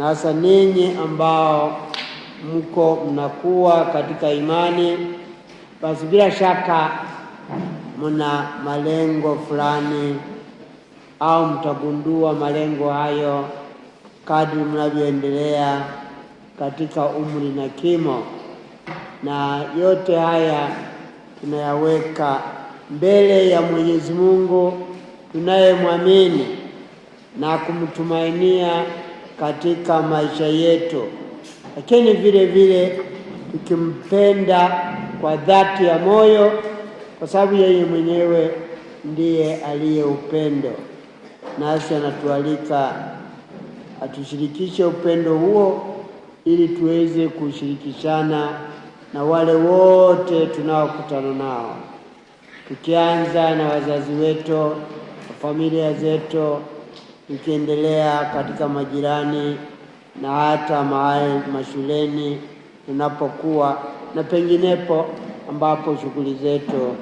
Na hasa ninyi ambao mko mnakuwa katika imani, basi bila shaka mna malengo fulani au mtagundua malengo hayo kadri mnavyoendelea katika umri na kimo. Na yote haya tunayaweka mbele ya Mwenyezi Mungu tunayemwamini na kumtumainia katika maisha yetu, lakini vile vile tukimpenda kwa dhati ya moyo, kwa sababu yeye mwenyewe ndiye aliye upendo, nasi anatualika atushirikishe upendo huo ili tuweze kushirikishana na wale wote tunaokutana nao, tukianza na wazazi wetu, familia zetu ikiendelea katika majirani na hata mahali mashuleni tunapokuwa na penginepo ambapo shughuli zetu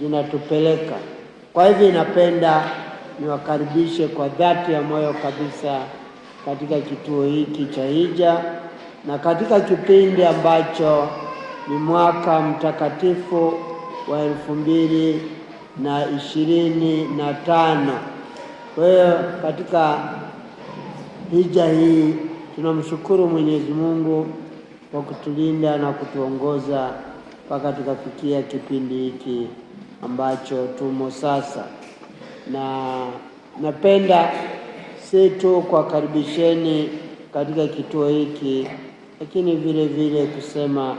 zinatupeleka. Kwa hivyo, napenda niwakaribishe kwa dhati ya moyo kabisa katika kituo hiki cha hija na katika kipindi ambacho ni mwaka mtakatifu wa elfu mbili na ishirini na tano. Kwa hiyo katika hija hii tunamshukuru Mwenyezi Mungu kwa kutulinda na kutuongoza mpaka tukafikia kipindi hiki ambacho tumo sasa, na napenda si tu kuwakaribisheni katika kituo hiki, lakini vile vile kusema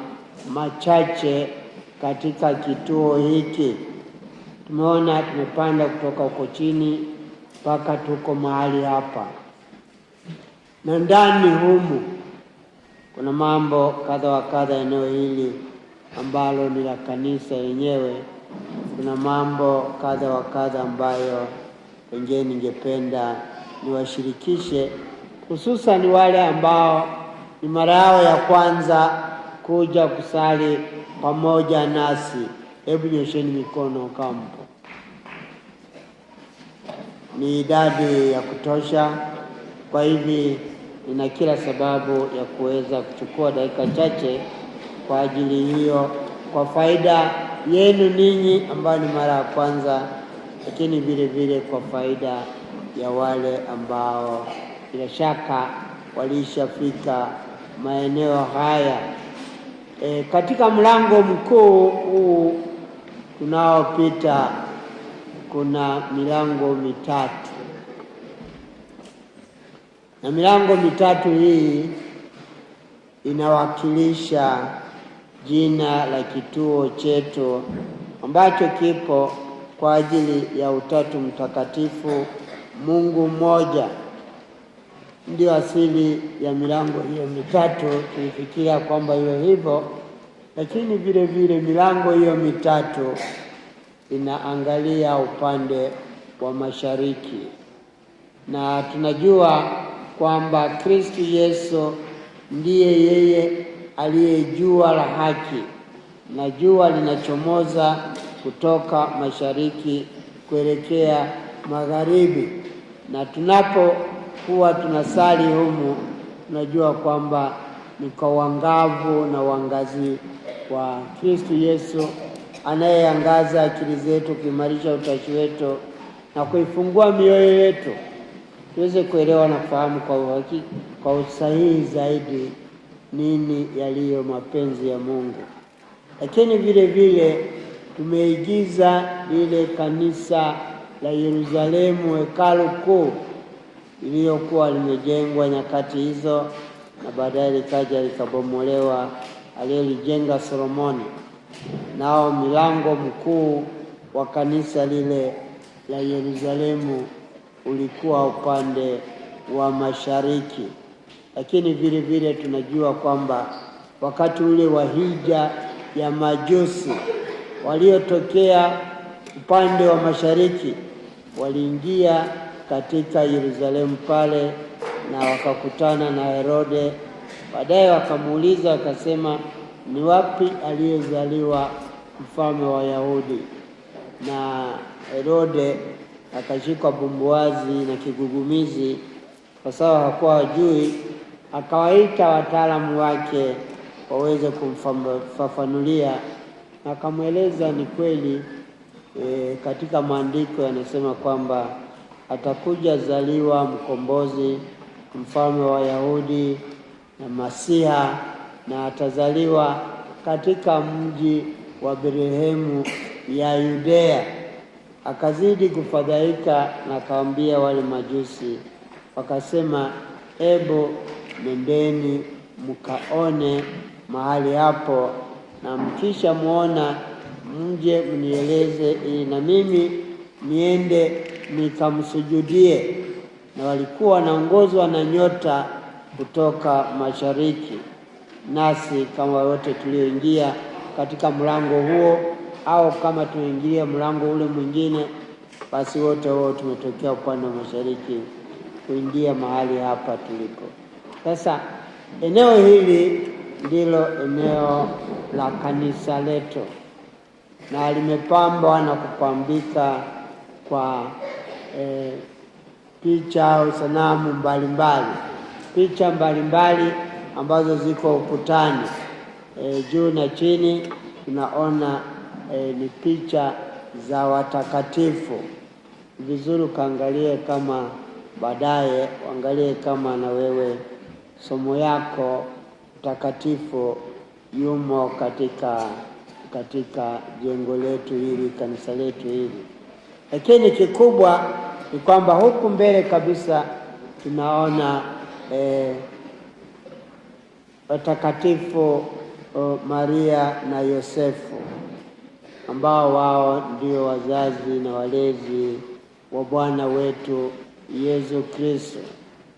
machache katika kituo hiki. Tumeona tumepanda kutoka huko chini mpaka tuko mahali hapa, na ndani humu kuna mambo kadha wa kadha. Eneo hili ambalo ni la kanisa yenyewe, kuna mambo kadha wa kadha ambayo pengine ningependa niwashirikishe, hususan wale ambao ni mara yao ya kwanza kuja kusali pamoja nasi. Hebu nyosheni mikono kama mpo ni idadi ya kutosha. Kwa hivi nina kila sababu ya kuweza kuchukua dakika chache kwa ajili hiyo, kwa faida yenu ninyi ambao ni mara ya kwanza, lakini vile vile kwa faida ya wale ambao bila shaka walishafika maeneo haya. E, katika mlango mkuu huu tunaopita kuna milango mitatu, na milango mitatu hii inawakilisha jina la kituo chetu ambacho kipo kwa ajili ya Utatu Mtakatifu, Mungu mmoja. ndio asili ya milango hiyo mitatu. Tulifikiria kwamba hiyo hivyo, lakini vile vile milango hiyo mitatu inaangalia upande wa mashariki, na tunajua kwamba Kristo Yesu ndiye yeye aliye jua la haki, na jua linachomoza kutoka mashariki kuelekea magharibi, na tunapokuwa tunasali humu tunajua kwamba ni kwa wangavu na wangazi wa Kristo Yesu anayeangaza akili zetu, kuimarisha utashi wetu na kuifungua mioyo yetu tuweze kuelewa na kufahamu kwa uhakika, kwa usahihi zaidi nini yaliyo mapenzi ya Mungu. Lakini vile vile tumeigiza lile kanisa la Yerusalemu, hekalu kuu iliyokuwa limejengwa nyakati hizo na baadaye likaja likabomolewa, aliyolijenga Solomoni nao milango mkuu wa kanisa lile la Yerusalemu ulikuwa upande wa mashariki. Lakini vile vile tunajua kwamba wakati ule wa hija ya majusi waliotokea upande wa mashariki waliingia katika Yerusalemu pale na wakakutana na Herode. Baadaye wakamuuliza wakasema ni wapi aliyezaliwa mfalme wa Wayahudi? Na Herode akashikwa bumbuazi na kigugumizi, kwa sababu hakuwa wajui, akawaita wataalamu wake waweze kumfafanulia, na akamweleza ni kweli e, katika maandiko yanasema kwamba atakuja zaliwa mkombozi, mfalme wa Wayahudi na Masiha na atazaliwa katika mji wa Bethlehemu ya Yudea. Akazidi kufadhaika na akawaambia wale majusi, wakasema, ebo nendeni mkaone mahali hapo, na mkisha muona mje mnieleze, ili na mimi niende nikamsujudie. Na walikuwa wanaongozwa na nyota kutoka mashariki nasi kama wote tulioingia katika mlango huo au kama tuingilia mlango ule mwingine, basi wote wao tumetokea upande wa mashariki kuingia mahali hapa tulipo sasa. Eneo hili ndilo eneo la kanisa letu, na limepambwa na kupambika kwa eh, picha au sanamu mbalimbali, picha mbalimbali ambazo ziko ukutani e, juu na chini tunaona e, ni picha za watakatifu. Vizuri ukaangalie kama baadaye uangalie kama na wewe somo yako takatifu yumo katika katika jengo letu hili, kanisa letu hili. Lakini kikubwa ni kwamba huku mbele kabisa tunaona eh, watakatifu Maria na Yosefu ambao wao ndio wazazi na walezi wa Bwana wetu Yesu Kristo.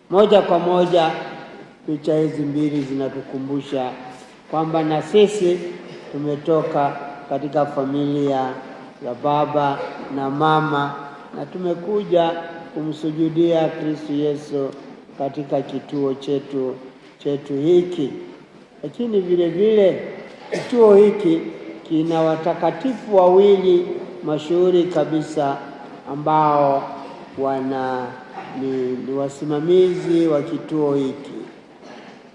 Moja kwa moja picha hizi mbili zinatukumbusha kwamba na sisi tumetoka katika familia ya baba na mama na tumekuja kumsujudia Kristo Yesu katika kituo chetu chetu hiki, lakini vile vile kituo hiki kina watakatifu wawili mashuhuri kabisa ambao wana ni, ni wasimamizi wa kituo hiki.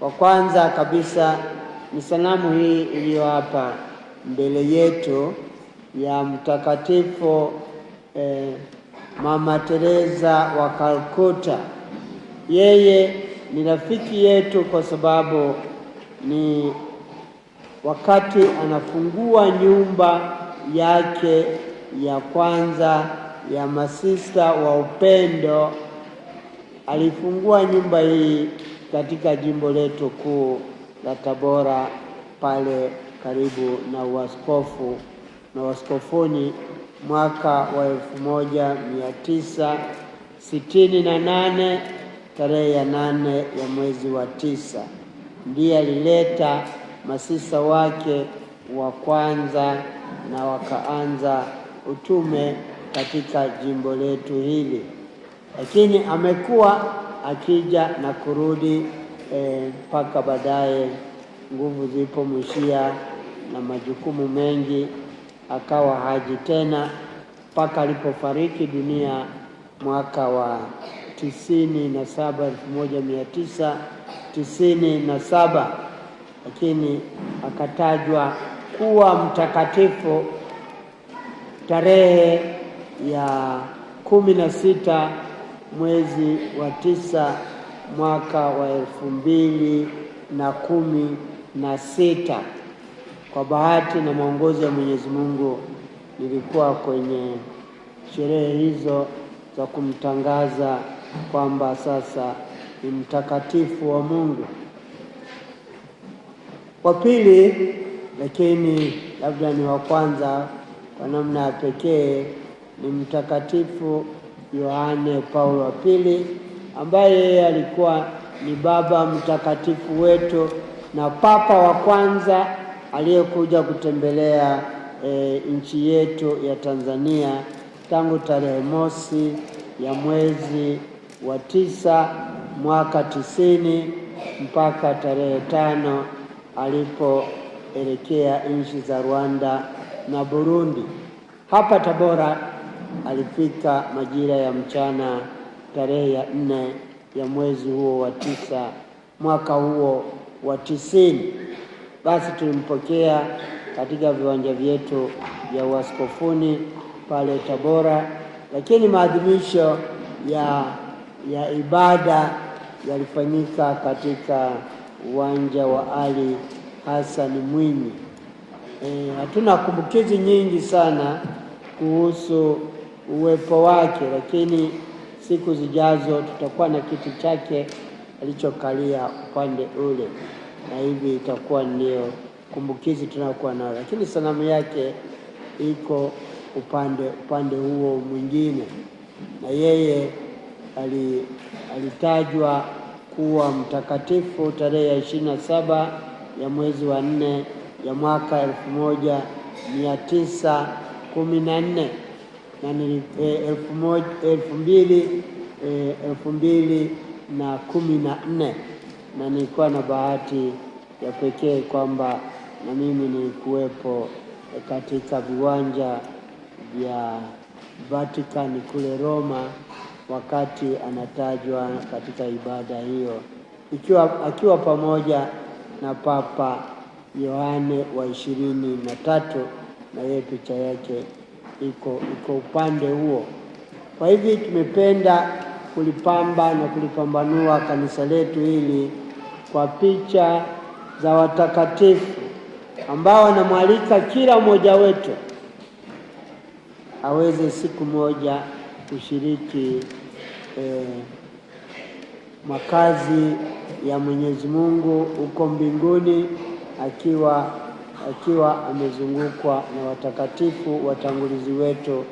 Wa kwanza kabisa ni sanamu hii iliyo hapa mbele yetu ya mtakatifu eh, Mama Teresa wa Calcutta. Yeye ni rafiki yetu kwa sababu ni wakati anafungua nyumba yake ya kwanza ya masista wa upendo. Alifungua nyumba hii katika jimbo letu kuu la Tabora pale karibu na uaskofu na uaskofuni mwaka wa elfu moja mia tisa sitini na nane tarehe ya nane ya mwezi wa tisa. Ndiye alileta masisa wake wa kwanza na wakaanza utume katika jimbo letu hili, lakini amekuwa akija na kurudi eh, mpaka e, baadaye nguvu zilipomwishia na majukumu mengi akawa haji tena mpaka alipofariki dunia mwaka wa tisini na saba elfu moja mia tisa tisini na saba lakini akatajwa kuwa mtakatifu tarehe ya kumi na sita mwezi wa tisa mwaka wa elfu mbili na kumi na sita. Kwa bahati na maongozi ya Mwenyezi Mungu nilikuwa kwenye sherehe hizo za kumtangaza kwamba sasa ni mtakatifu wa Mungu. Wa pili, lakini labda ni wa kwanza kwa namna ya pekee, ni mtakatifu Yohane Paulo wa pili ambaye yeye alikuwa ni baba mtakatifu wetu na papa wa kwanza aliyekuja kutembelea e, nchi yetu ya Tanzania tangu tarehe mosi ya mwezi wa tisa mwaka tisini mpaka tarehe tano alipoelekea nchi za Rwanda na Burundi. Hapa Tabora alifika majira ya mchana tarehe ya nne ya mwezi huo wa tisa mwaka huo wa tisini. Basi tulimpokea katika viwanja vyetu vya uaskofuni pale Tabora, lakini maadhimisho ya ya ibada yalifanyika katika uwanja wa Ali Hassan Mwinyi. E, hatuna kumbukizi nyingi sana kuhusu uwepo wake, lakini siku zijazo tutakuwa na kiti chake alichokalia upande ule, na hivi itakuwa ndio kumbukizi tunayokuwa nayo, lakini sanamu yake iko upande upande huo mwingine, na yeye alitajwa kuwa mtakatifu tarehe ya ishirini na saba ya mwezi wa nne ya mwaka elfu moja mia tisa kumi na nne na ni e, elfu elfu mbili e, elfu mbili na kumi na nne na nilikuwa na bahati ya pekee kwamba na mimi nilikuwepo e, katika viwanja vya Vatican kule Roma wakati anatajwa katika ibada hiyo ikiwa, akiwa pamoja na Papa Yohane wa ishirini na tatu na yeye picha yake iko, iko upande huo. Kwa hivi tumependa kulipamba na kulipambanua kanisa letu hili kwa picha za watakatifu ambao wanamwalika kila mmoja wetu aweze siku moja kushiriki Eh, makazi ya Mwenyezi Mungu huko mbinguni akiwa, akiwa amezungukwa na watakatifu watangulizi wetu.